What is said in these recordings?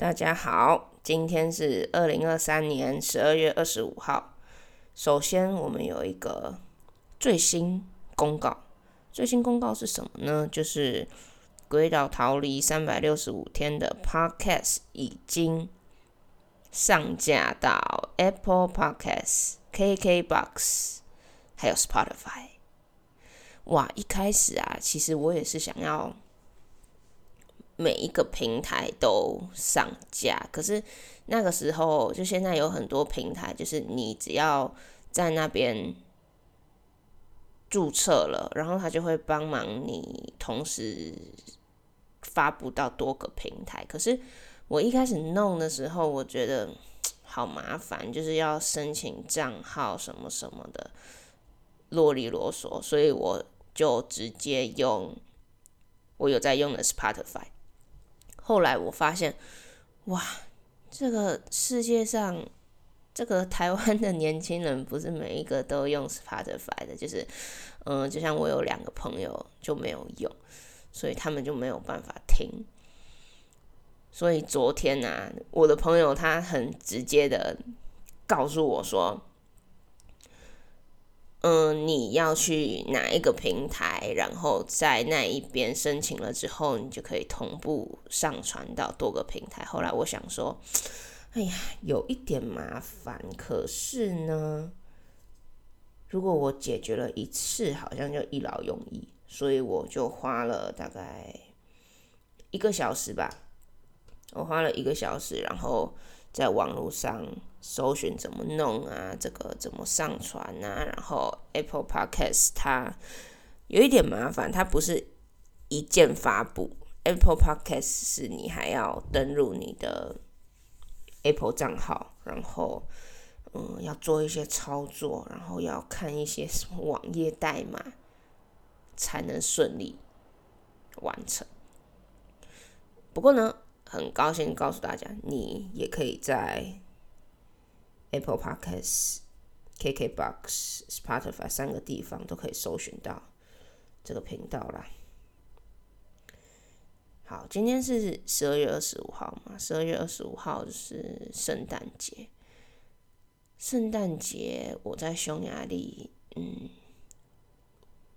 大家好，今天是二零二三年十二月二十五號。首先，我們有一個最新公告。最新公告是什麼呢？就是《鬼島逃離三百六十五天》的 Podcast 已經上架到 Apple Podcast、KKBox，還有 Spotify。哇，一開始啊，其實我也是想要。每一個平台都上架，可是那個時候就現在有很多平台，就是你只要在那邊注冊了，然後他就會幫忙你同時發布到多個平台。可是我一開始弄的時候，我覺得好麻煩，就是要申請賬號什麼什麼的，囉里囉嗦，所以我就直接用，我有在用的 Spotify。後來我發現，哇，這個世界上，這個台灣的年輕人不是每一個都用 Spotify 的，就是，嗯，就像我有兩個朋友就沒有用，所以他們就沒有辦法聽。所以昨天呢、啊，我的朋友他很直接的告訴我說。嗯，你要去哪一個平台，然後在那一邊申請了之後，你就可以同步上傳到多個平台。後來我想說，哎呀，有一點麻煩，可是呢，如果我解決了一次，好像就一勞永逸，所以我就花了大概一個小時吧，我花了一個小時，然後在網絡上。搜尋怎麼弄啊？這個怎麼上傳啊？然後 Apple Podcast 它有一點麻煩，它不是一鍵發布。Apple Podcast 是你還要登錄你的 Apple 賬號，然後嗯，要做一些操作，然後要看一些什麼網頁代碼，才能順利完成。不過呢，很高興告訴大家，你也可以在。Apple Podcast、KKBox、Spotify 三個地方都可以搜尋到這個頻道啦。好，今天是十二月二十五號嘛，十二月二十五號就是聖誕節。聖誕節我在匈牙利，嗯，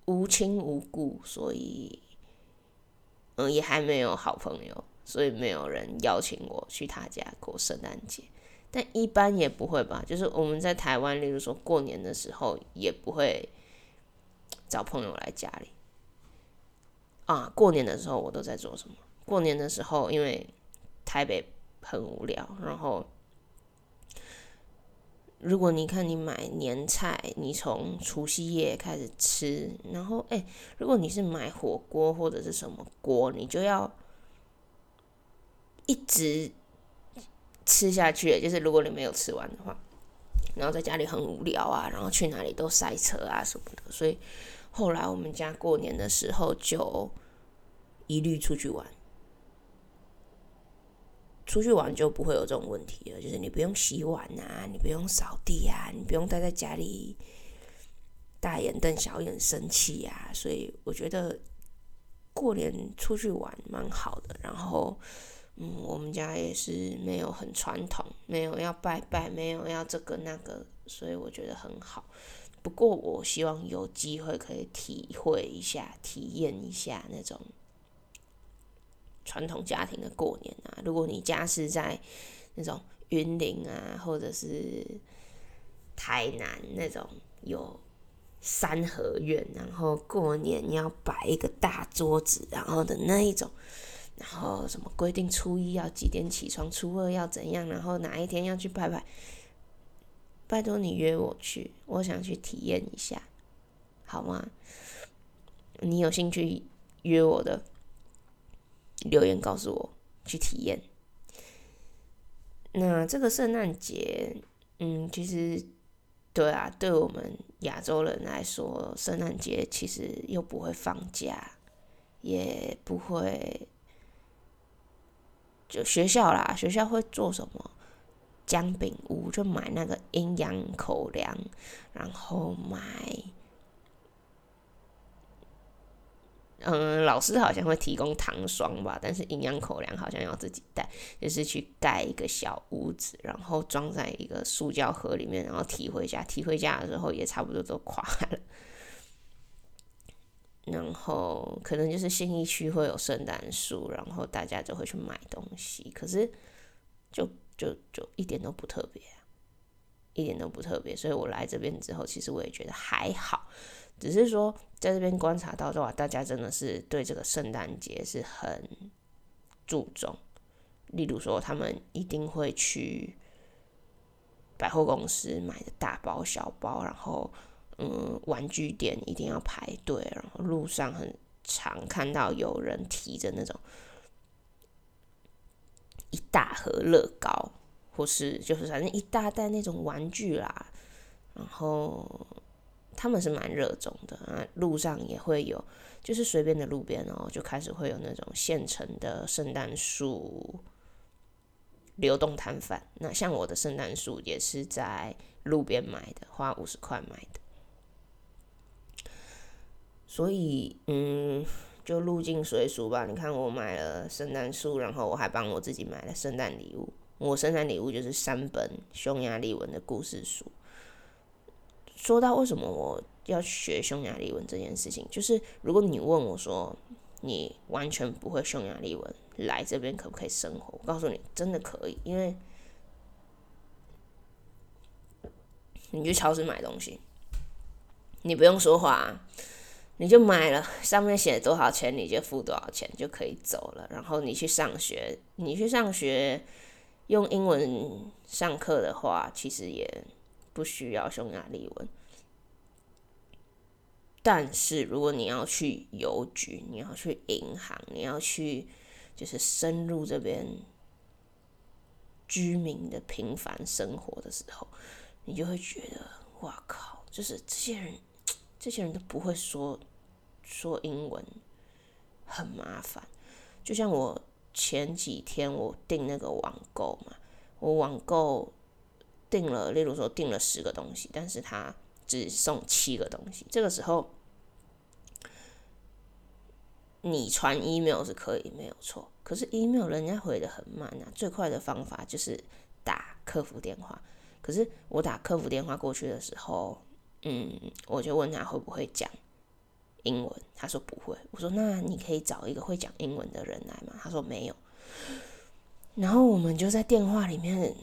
無親無故，所以，呃、嗯，也還沒有好朋友，所以沒有人邀請我去他家過聖誕節。但一般也不會吧，就是我們在台灣，例如說過年的時候也不會找朋友來家裡啊。過年的時候我都在做什麼？過年的時候，因為台北很無聊，然後如果你看你買年菜，你從除夕夜開始吃，然後欸，如果你是買火鍋或者是什麼鍋，你就要一直。吃下去，就是如果你沒有吃完的話，然後在家裡很無聊啊，然後去哪裡都塞車啊什麼的，所以後來我們家過年的時候就一律出去玩，出去玩就不會有這種問題了，就是你不用洗碗啊，你不用掃地啊，你不用待在家裡大眼瞪小眼生氣呀、啊，所以我覺得過年出去玩蠻好的，然後。嗯，我們家也是沒有很傳統，沒有要拜拜，沒有要這個那個，所以我覺得很好。不過我希望有機會可以體會一下、體驗一下那種傳統家庭的過年啊。如果你家是在那種雲林啊，或者是台南那種有三合院，然後過年你要擺一個大桌子，然後的那一種。然後什麼規定初一要幾點起床，初二要怎樣？然後哪一天要去拜拜？拜托你約我去，我想去體驗一下，好嗎？你有興趣約我的留言告訴我，去體驗。那這個聖誕節，嗯，其實對啊，對我們亞洲人來說，聖誕節其實又不會放假，也不會。就學校啦，學校會做什麼？薑餅屋就買那個營養口糧，然後買……嗯，老師好像會提供糖霜吧，但是營養口糧好像要自己帶。就是去蓋一個小屋子，然後裝在一個塑膠盒裡面，然後提回家。提回家的時候也差不多都垮了。然後可能就是信義區會有聖誕樹，然後大家就會去買東西，可是就就就一點都不特別、啊，一點都不特別。所以我來這邊之後，其實我也覺得還好，只是說在這邊觀察到的話，大家真的是對這個聖誕節是很注重，例如說他們一定會去百貨公司買的大包小包，然後。嗯，玩具店一定要排隊，然後路上很常看到有人提着那種一大盒樂高，或是就是反正一大袋那種玩具啦。然後他們是蠻熱衷的啊，路上也會有，就是隨便的路邊哦，然後就開始會有那種現成的聖誕樹流動攤販。那像我的聖誕樹也是在路邊買的，花五十塊買的。所以，嗯，就入境隨俗吧。你看，我買了聖誕樹，然後我還幫我自己買了聖誕禮物。我聖誕禮物就是三本匈牙利文的故事書。說到為什麼我要學匈牙利文這件事情，就是如果你問我說，你完全不會匈牙利文來這邊可不可以生活，我告訴你，真的可以，因為你去超市買東西，你不用說話啊。你就買了，上面寫多少錢你就付多少錢，就可以走了。然後你去上學，你去上學用英文上課的話，其實也不需要匈牙利文。但是如果你要去郵局，你要去銀行，你要去就是深入這邊居民的平凡生活的時候，你就會覺得，哇靠，就是這些人。這些人都不會說說英文，很麻煩。就像我前幾天我訂那個網購嘛，我網購訂了，例如說訂了十個東西，但是他只送七個東西。這個時候你傳 email 是可以沒有錯，可是 email 人家回得很慢啊。最快的方法就是打客服電話，可是我打客服電話過去的時候，嗯，我就問他會不會講英文，他說不會。我說那你可以找一個會講英文的人來嗎？他說沒有。然後我們就在電話裡面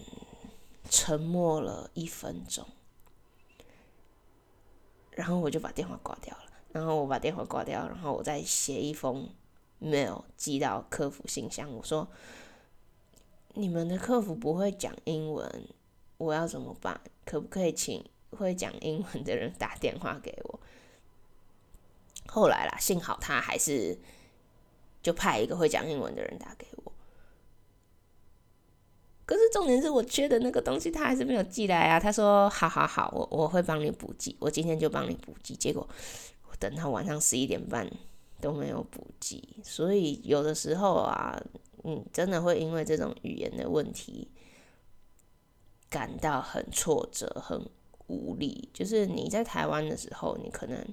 沉默了一分鐘，然後我就把電話掛掉了。然後我把電話掛掉，然後我再寫一封 mail 寄到客服信箱。我說你們的客服不會講英文，我要怎麼辦？可不可以請？會講英文的人打電話給我，後來啦，幸好他還是就派一個會講英文的人打給我。可是重點是我缺的那個東西，他還是沒有寄來啊！他說：“好好好，我我會幫你補寄，我今天就幫你補寄。”結果我等到晚上十一點半都沒有補寄，所以有的時候啊，嗯，真的會因為這種語言的問題感到很挫折，很。無力，就是你在台灣的時候，你可能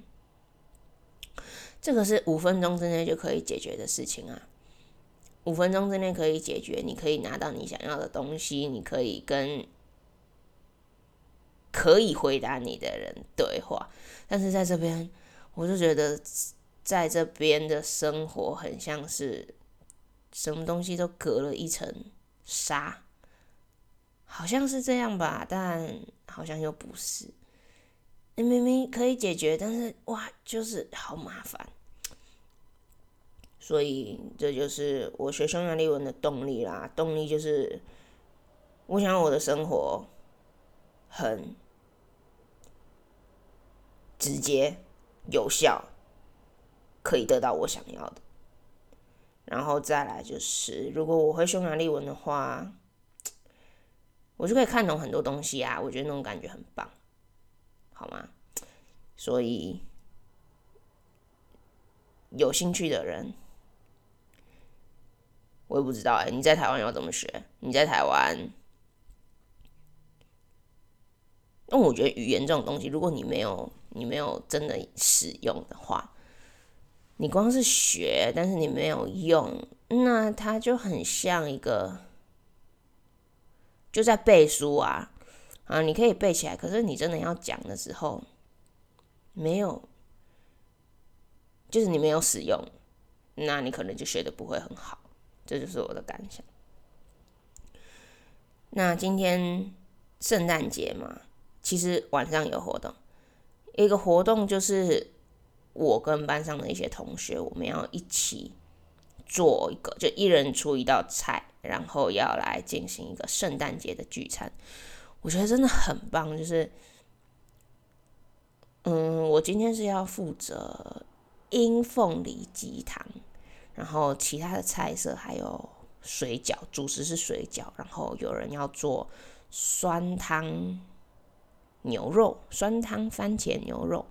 這個是五分鐘之內就可以解決的事情啊，五分鐘之內可以解決，你可以拿到你想要的東西，你可以跟可以回答你的人對話，但是在這邊，我就覺得在這邊的生活很像是什麼東西都隔了一層紗。好像是這樣吧，但好像又不是。明明可以解決，但是哇，就是好麻煩。所以這就是我學匈牙利文的動力啦。動力就是，我想要我的生活很直接、有效，可以得到我想要的。然後再來就是，如果我會匈牙利文的話。我就可以看懂很多東西啊！我覺得那種感覺很棒，好嗎？所以有興趣的人，我也不知道哎。你在台灣要怎麼學？你在台灣？那，嗯，我覺得語言這種東西，如果你沒有你沒有真的使用的話，你光是學，但是你沒有用，那它就很像一個。就在背書啊，啊，你可以背起來，可是你真的要講的時候，沒有，就是你沒有使用，那你可能就學的不會很好，這就是我的感想。那今天聖誕節嘛，其實晚上有活動，一個活動就是我跟班上的一些同學，我們要一起做一個，就一人出一道菜。然後要來進行一個聖誕節的聚餐，我覺得真的很棒。就是，嗯，我今天是要負責蔭鳳梨雞湯，然後其他的菜色還有水餃，主食是水餃。然後有人要做酸湯牛肉，酸湯番茄牛肉。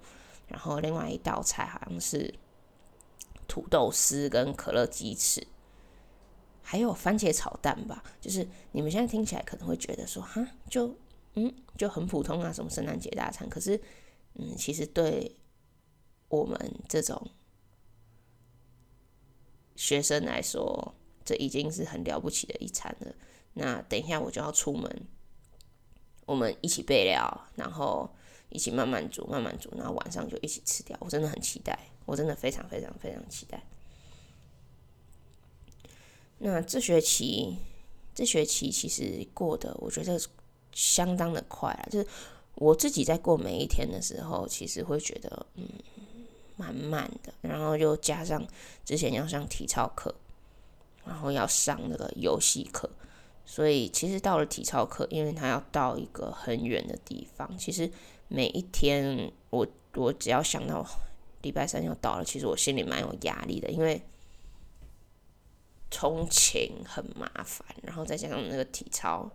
然後另外一道菜好像是土豆絲跟可樂雞翅。還有番茄炒蛋吧，就是你們現在聽起來可能會覺得說，蛤，就嗯，就很普通啊，什麼聖誕節大餐。可是，嗯，其實對我們這種學生來說，這已經是很了不起的一餐了。那等一下我就要出門，我們一起備料，然後一起慢慢煮，慢慢煮，然後晚上就一起吃掉。我真的很期待，我真的非常非常非常期待。那這學期，這學期其實過得我覺得是相當的快啦。就是我自己在過每一天的時候，其實會覺得嗯蠻慢的。然後又加上之前要上體操課，然後要上那個遊戲課，所以其實到了體操課，因為它要到一個很遠的地方。其實每一天我我只要想到禮拜三要到了，其實我心裡蠻有壓力的，因為。通勤很麻煩，然後再加上那個體操，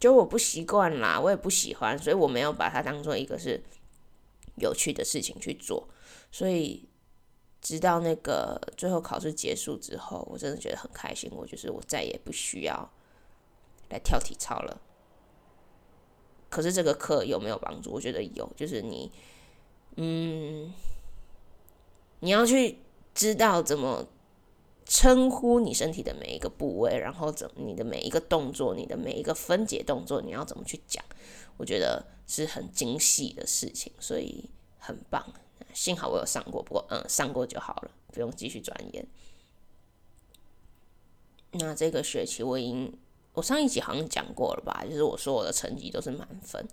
就我不習慣啦，我也不喜歡，所以我沒有把它當做一個是有趣的事情去做。所以直到那個最後考試結束之後，我真的覺得很開心。我就是我再也不需要來跳體操了。可是這個課有沒有幫助？我覺得有，就是你，嗯，你要去知道怎麼。稱呼你身體的每一個部位，然後怎你的每一個動作，你的每一個分解動作，你要怎麼去講？我覺得是很精細的事情，所以很棒。幸好我有上過，不過嗯，上過就好了，不用繼續鑽研。那這個學期我已經，我上一集好像講過了吧？就是我說我的成績都是滿分。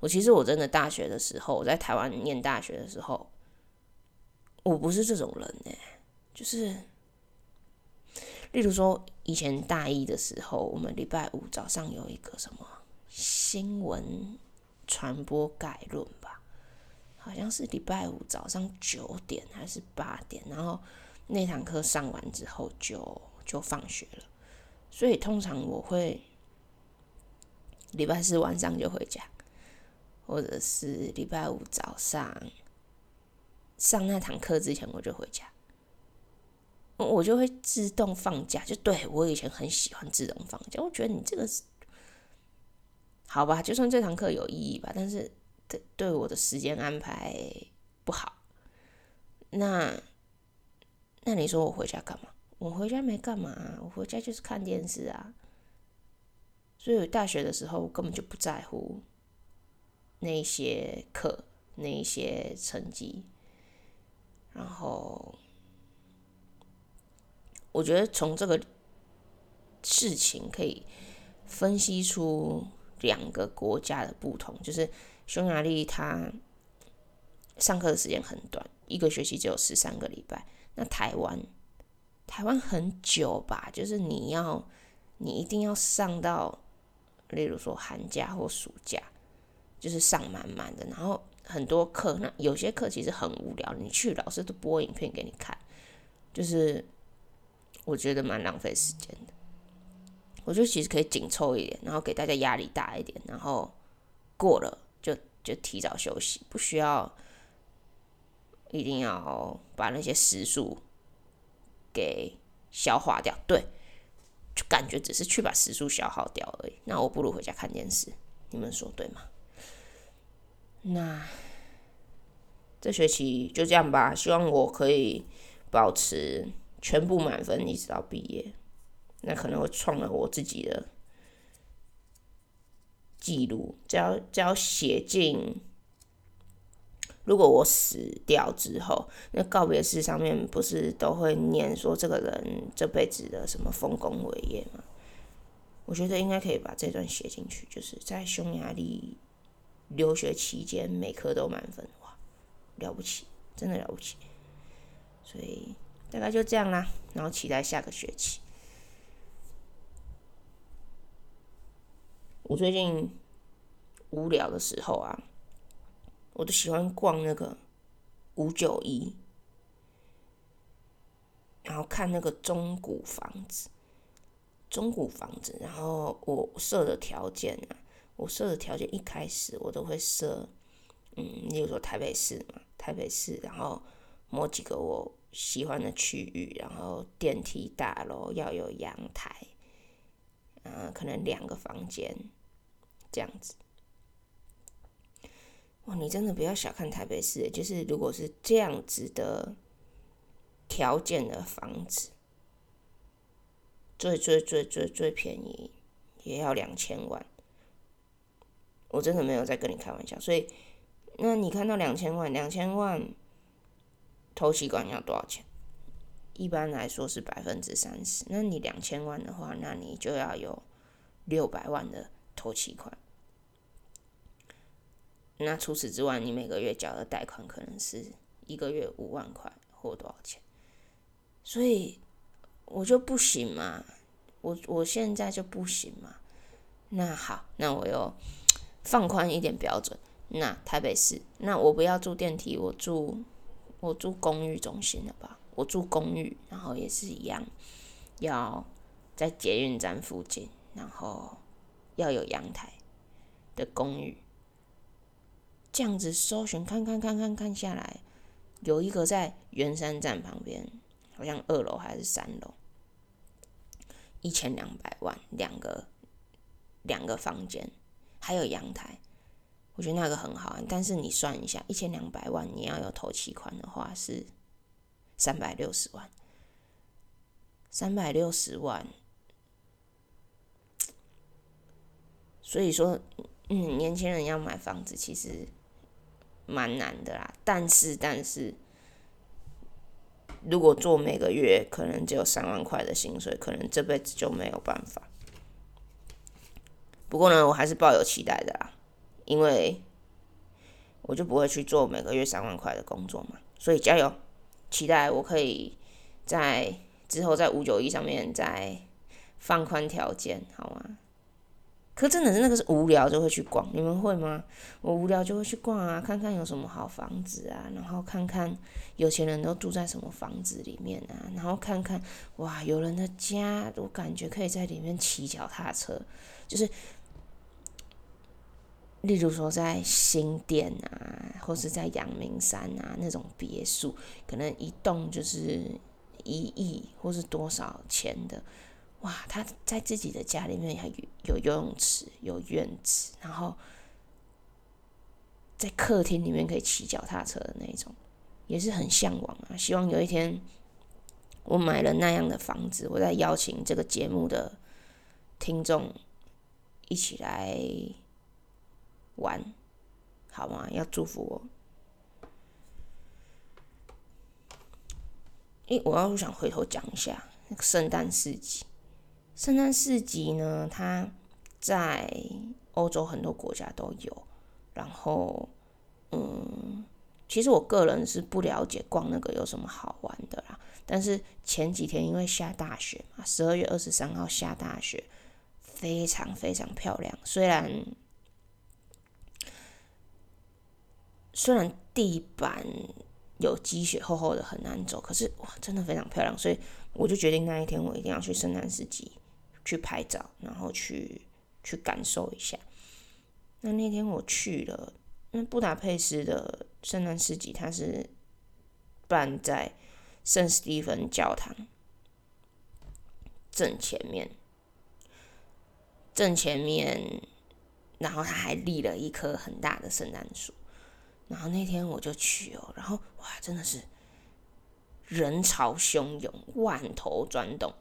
我其實我真的大學的時候，我在台灣念大學的時候，我不是這種人哎、欸，就是。例如說，以前大一的時候，我們禮拜五早上有一個什麼新聞傳播概論吧，好像是禮拜五早上九點還是八點，然後那堂課上完之後就就放學了，所以通常我會禮拜四晚上就回家，或者是禮拜五早上上那堂課之前我就回家。我就會自動放假，就對我以前很喜歡自動放假。我覺得你這個是好吧？就算這堂課有意義吧，但是對對我的時間安排不好。那那你說我回家幹嘛？我回家沒幹嘛，我回家就是看電視啊。所以大學的時候我根本就不在乎那些課、那些成績，然後。我覺得從這個事情可以分析出兩個國家的不同，就是匈牙利他上課的時間很短，一個學期只有十三個禮拜。那台灣，台灣很久吧，就是你要你一定要上到，例如說寒假或暑假，就是上滿滿的，然後很多課，那有些課其實很無聊，你去老師都播影片給你看，就是。我覺得蠻浪費時間的。我覺得其實可以緊湊一點，然後給大家壓力大一點，然後過了就就提早休息，不需要一定要把那些時數給消化掉。對，就感覺只是去把時數消耗掉而已。那我不如回家看電視，你們說對嗎？那這學期就這樣吧。希望我可以保持。全部滿分，一直到畢業，那可能會創了我自己的記錄。只要只要寫進，如果我死掉之後，那告別式上面不是都會念說這個人這輩子的什麼豐功偉業嗎？我覺得應該可以把這段寫進去，就是在匈牙利留學期間每科都滿分，哇，了不起，真的了不起，所以。大概就這樣啦，然後期待下個學期。我最近無聊的時候啊，我都喜歡逛那個五九一，然後看那個中古房子，中古房子。然後我設的條件啊，我設的條件一開始我都會設，嗯，例如說台北市嘛，台北市，然後某幾個我。喜歡的區域，然後電梯大樓要有陽台，嗯，可能兩個房間這樣子。哇，你真的不要小看台北市，就是如果是這樣子的條件的房子，最最最最最便宜也要兩千萬。我真的沒有在跟你開玩笑，所以那你看到兩千萬，兩千萬。頭期款要多少錢？一般來說是百分之三十。那你兩千萬的話，那你就要有六百萬的頭期款。那除此之外，你每個月繳的貸款可能是一個月五萬塊或多少錢。所以我就不行嘛，我我現在就不行嘛。那好，那我又放寬一點標準。那台北市，那我不要住電梯，我住。我住公寓中心的吧，我住公寓，然後也是一樣，要，在捷運站附近，然後要有陽台的公寓，這樣子搜尋看看看看看下來，有一個在圓山站旁邊，好像二樓還是三樓，一千兩百萬，兩個，兩個房間，還有陽台。我覺得那個很好，但是你算一下，一千兩百萬你要有頭期款的話是三百六十萬，三百六十萬，所以說，嗯，年輕人要買房子其實蠻難的啦。但是，但是，如果做每個月可能只有三萬塊的薪水，可能這輩子就沒有辦法。不過呢，我還是抱有期待的啦。因為我就不會去做每個月三萬塊的工作嘛，所以加油，期待我可以，在之後在五九一上面再放寬條件，好嗎？可真的是那個是無聊就會去逛，你們會嗎？我無聊就會去逛啊，看看有什麼好房子啊，然後看看有錢人都住在什麼房子裡面啊，然後看看哇，有人的家，我感覺可以在裡面騎腳踏車，就是。例如說，在新店啊，或是在陽明山啊，那種別墅，可能一棟就是一億或是多少錢的，哇！他在自己的家裡面還有，有游泳池、有院子，然後在客廳裡面可以騎腳踏車的那種，也是很嚮往啊。希望有一天我買了那樣的房子，我再邀請這個節目的聽眾一起來。玩好嗎？要祝福我。哎，我要想回頭講一下聖誕市集。聖誕市集呢，它在歐洲很多國家都有。然後，嗯，其實我個人是不了解逛那個有什麼好玩的啦。但是前幾天因為下大雪嘛，十二月二十三號下大雪，非常非常漂亮。雖然。雖然地板有積雪厚厚的，很難走，可是哇，真的非常漂亮，所以我就決定那一天我一定要去聖誕市集去拍照，然後去去感受一下。那那天我去了，那布達佩斯的聖誕市集，它是辦在聖史蒂芬教堂正前面，正前面，然後他還立了一棵很大的聖誕樹。然後那天我就去哦，然後哇，真的是人潮洶湧，萬頭攢動。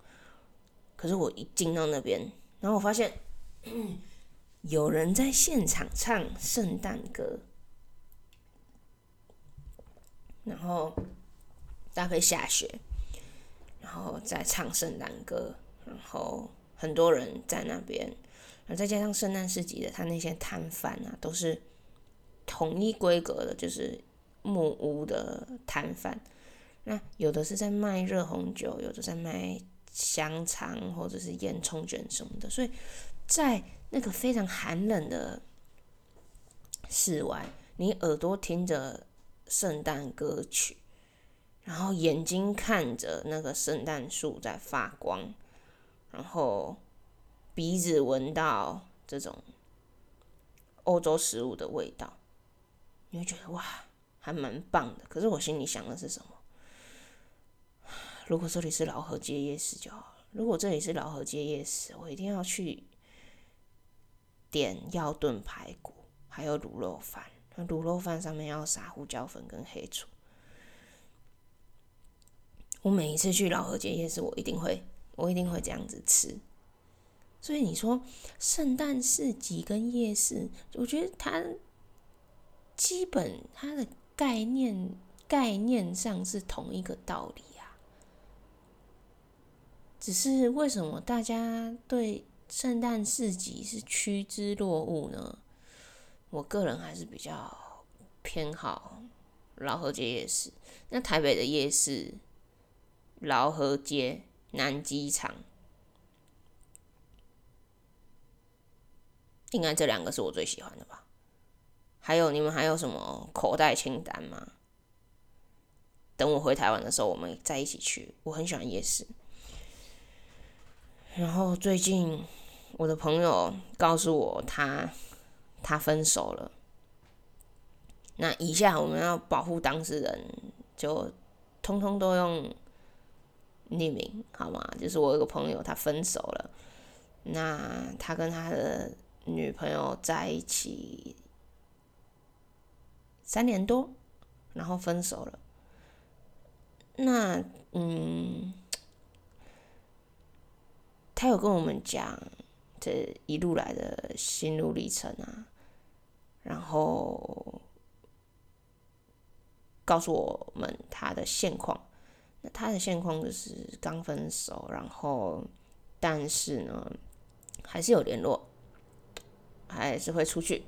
可是我一進到那邊，然後我發現有人在現場唱聖誕歌，然後搭配下雪，然後再唱聖誕歌，然後很多人在那邊，而再加上聖誕市集的他那些攤販啊，都是。統一規格的，就是木屋的攤販。那有的是在賣熱紅酒，有的在賣香腸或者是煙囪卷什麼的。所以在那個非常寒冷的室外，你耳朵聽着聖誕歌曲，然後眼睛看着那個聖誕樹在發光，然後鼻子聞到這種歐洲食物的味道。你就覺得哇，還蠻棒的。可是我心裡想的是什麼？如果這裡是饒河街夜市就好了。如果這裡是饒河街夜市，我一定要去點藥燉排骨，還有滷肉飯。那滷肉飯上面要撒胡椒粉跟黑醋。我每一次去饒河街夜市，我一定會，我一定會這樣子吃。所以你說聖誕市集跟夜市，我覺得它。基本它的概念概念，上是同一個道理啊，只是為什麼大家對聖誕市集是趨之若鶩呢？我個人還是比較偏好饒河街夜市，那台北的夜市饒河街、南機場，應該這兩個是我最喜歡的吧。還有你們還有什麼口袋清單嗎？等我回台灣的時候，我們再一起去。我很喜歡夜市。然後最近我的朋友告訴我他，他他分手了。那以下我們要保護當事人，就通通都用匿名，好嗎？就是我有一個朋友，他分手了。那他跟他的女朋友在一起。三年多，然後分手了。那嗯，他有跟我們講這一路來的心路歷程啊，然後告訴我們他的現況。那他的現況就是剛分手，然後但是呢，還是有聯絡，還是會出去。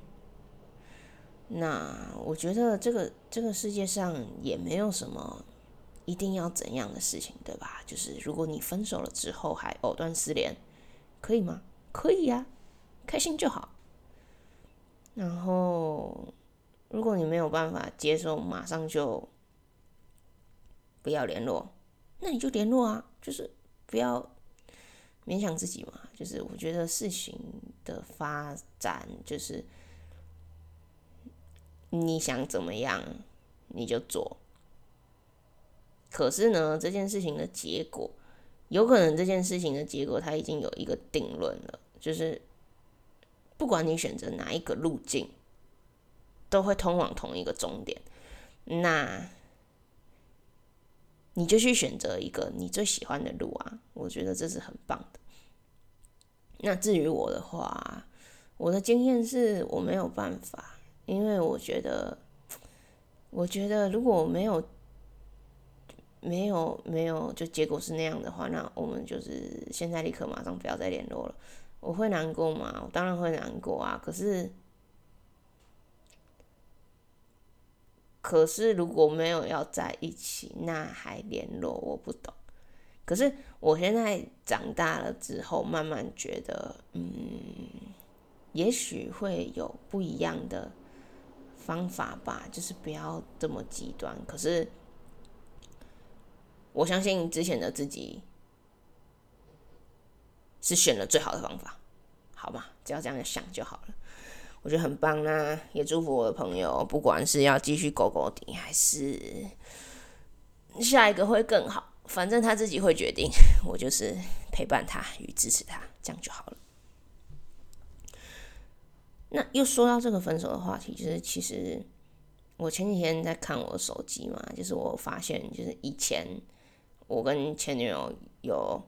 那我覺得這個這個世界上也沒有什麼一定要怎樣的事情，對吧？就是如果你分手了之後還藕斷絲連，可以嗎？可以呀，啊，開心就好。然後如果你沒有辦法接受，馬上就不要聯絡，那你就聯絡啊，就是不要勉強自己嘛。就是我覺得事情的發展就是。你想怎麼樣，你就做。可是呢，這件事情的結果，有可能這件事情的結果，它已經有一個定論了，就是不管你選擇哪一個路徑，都會通往同一個終點。那你就去選擇一個你最喜歡的路啊，我覺得這是很棒的。那至於我的話，我的經驗是我沒有辦法。因為我覺得，我覺得如果沒有、沒有、沒有，就結果是那樣的話，那我們就是現在立刻馬上不要再聯絡了。我會難過嗎？我當然會難過啊。可是，可是如果沒有要在一起，那還聯絡？我不懂。可是我現在長大了之後，慢慢覺得，嗯，也許會有不一樣的。方法吧，就是不要這麼極端。可是，我相信之前的自己是選了最好的方法，好嗎？只要這樣想就好了。我覺得很棒啦、啊，也祝福我的朋友，不管是要繼續勾勾底，還是下一個會更好，反正他自己會決定。我就是陪伴他與支持他，這樣就好了。那又說到這個分手的話題，就是其實我前幾天在看我的手機嘛，就是我發現，就是以前我跟前女友有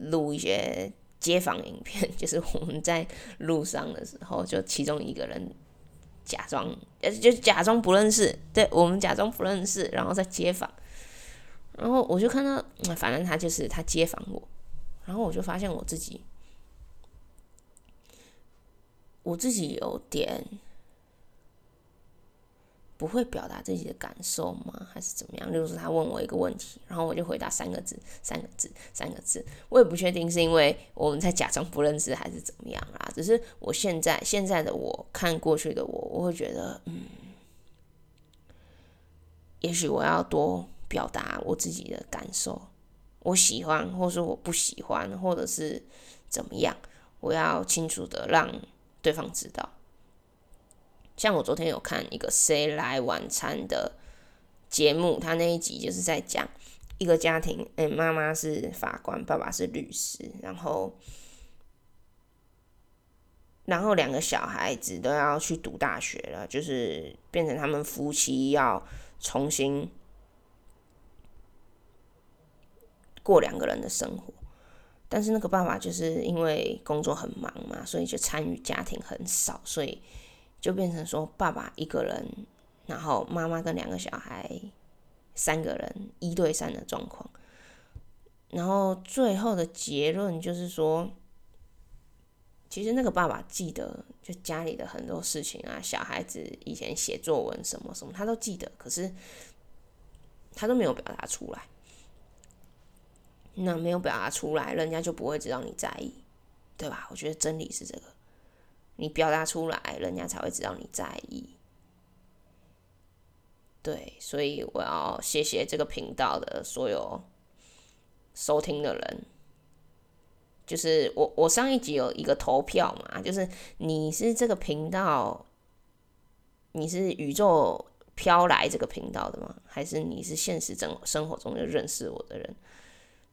錄一些街訪影片，就是我們在路上的時候，就其中一個人假裝，呃，就假裝不認識，對，我們假裝不認識，然後在街訪，然後我就看到，反正他就是他街訪我，然後我就發現我自己。我自己有點不會表達自己的感受嗎？還是怎麼樣？就是他問我一個問題，然後我就回答三個字，三個字，三個字。我也不確定是因為我們在假裝不認識，還是怎麼樣啦。只是我現在現在的我看過去的我，我會覺得，嗯，也許我要多表達我自己的感受，我喜歡，或是我不喜歡，或者是怎麼樣，我要清楚的讓對方知道，像我昨天有看一個《誰來晚餐》的節目，他那一集就是在講一個家庭，哎、欸，媽媽是法官，爸爸是律師，然後，然後兩個小孩子都要去讀大學了，就是變成他們夫妻要重新過兩個人的生活。但是那個爸爸就是因為工作很忙嘛，所以就參與家庭很少，所以就變成說爸爸一個人，然後媽媽跟兩個小孩，三個人，一對三的狀況。然後最後的結論就是說，其實那個爸爸記得就家裡的很多事情啊，小孩子以前寫作文什麼什麼，他都記得，可是他都沒有表達出來。那沒有表達出來，人家就不會知道你在意，對吧？我覺得真理是這個，你表達出來，人家才會知道你在意。對，所以我要謝謝這個頻道的所有收聽的人。就是我，我上一集有一個投票嘛，就是你是這個頻道，你是宇宙飄來這個頻道的嗎？還是你是現實生生活中認識我的人？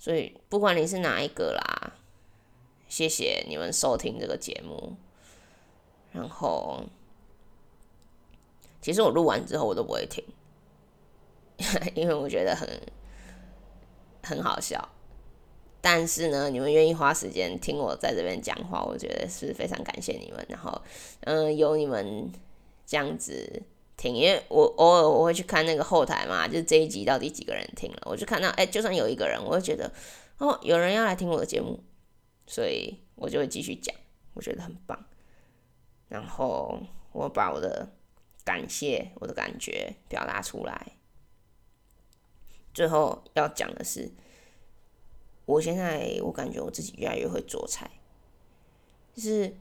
所以不管你是哪一個啦，謝謝你們收聽這個節目。然後，其實我錄完之後我都不會聽，因為我覺得很很好笑。但是呢，你們願意花時間聽我在這邊講話，我覺得是非常感謝你們。然後，嗯，有你們這樣子。聽，因為我偶爾我會去看那個後台嘛，就是這一集到底幾個人聽了，我就看到，哎，就算有一個人，我會覺得哦，有人要來聽我的節目，所以我就會繼續講，我覺得很棒。然後我把我的感謝、我的感覺表達出來。最後要講的是，我現在我感覺我自己越來越會做菜，就是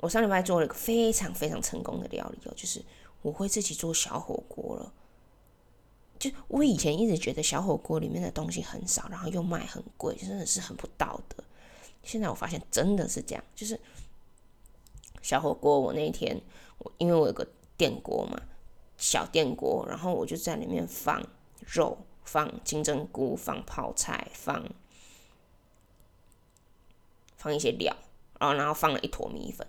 我上禮拜做了一個非常非常成功的料理哦，就是。我會自己做小火鍋了，就我以前一直覺得小火鍋裡面的東西很少，然後又賣很貴，真的是很不道德。現在我發現真的是這樣，就是小火鍋。我那天我因為我有個電鍋嘛，小電鍋，然後我就在裡面放肉，放金針菇，放泡菜，放放一些料，然後然後放了一坨米粉。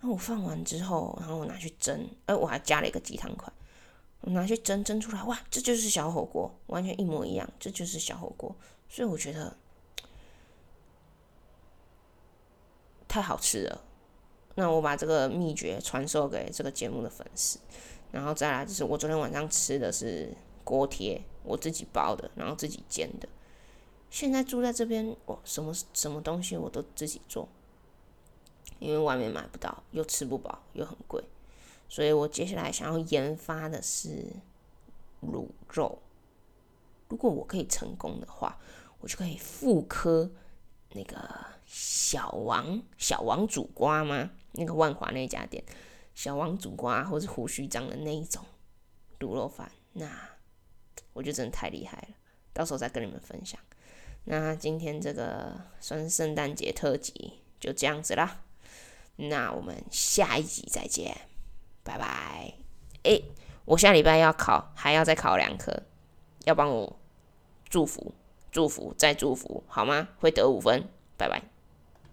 那我放完之後，然後我拿去蒸，哎、欸，我還加了一個雞湯塊，我拿去蒸，蒸出來，哇，這就是小火鍋，完全一模一樣，這就是小火鍋，所以我覺得太好吃了。那我把這個秘訣傳授給這個節目的粉絲。然後再來，就是我昨天晚上吃的是鍋貼，我自己包的，然後自己煎的。現在住在這邊，我什麼什麼東西我都自己做。因為外面買不到，又吃不飽，又很貴，所以我接下來想要研發的是滷肉。如果我可以成功的話，我就可以復刻那個小王小王煮瓜嗎？那個萬華那家店小王煮瓜，或是胡鬚張的那一種滷肉飯，那我就真的太厲害了。到時候再跟你們分享。那今天這個算是聖誕節特輯，就這樣子啦。那我們下一集再見，拜拜。哎、欸，我下禮拜要考，還要再考兩科，要幫我祝福、祝福、再祝福好嗎？會得五分，拜拜。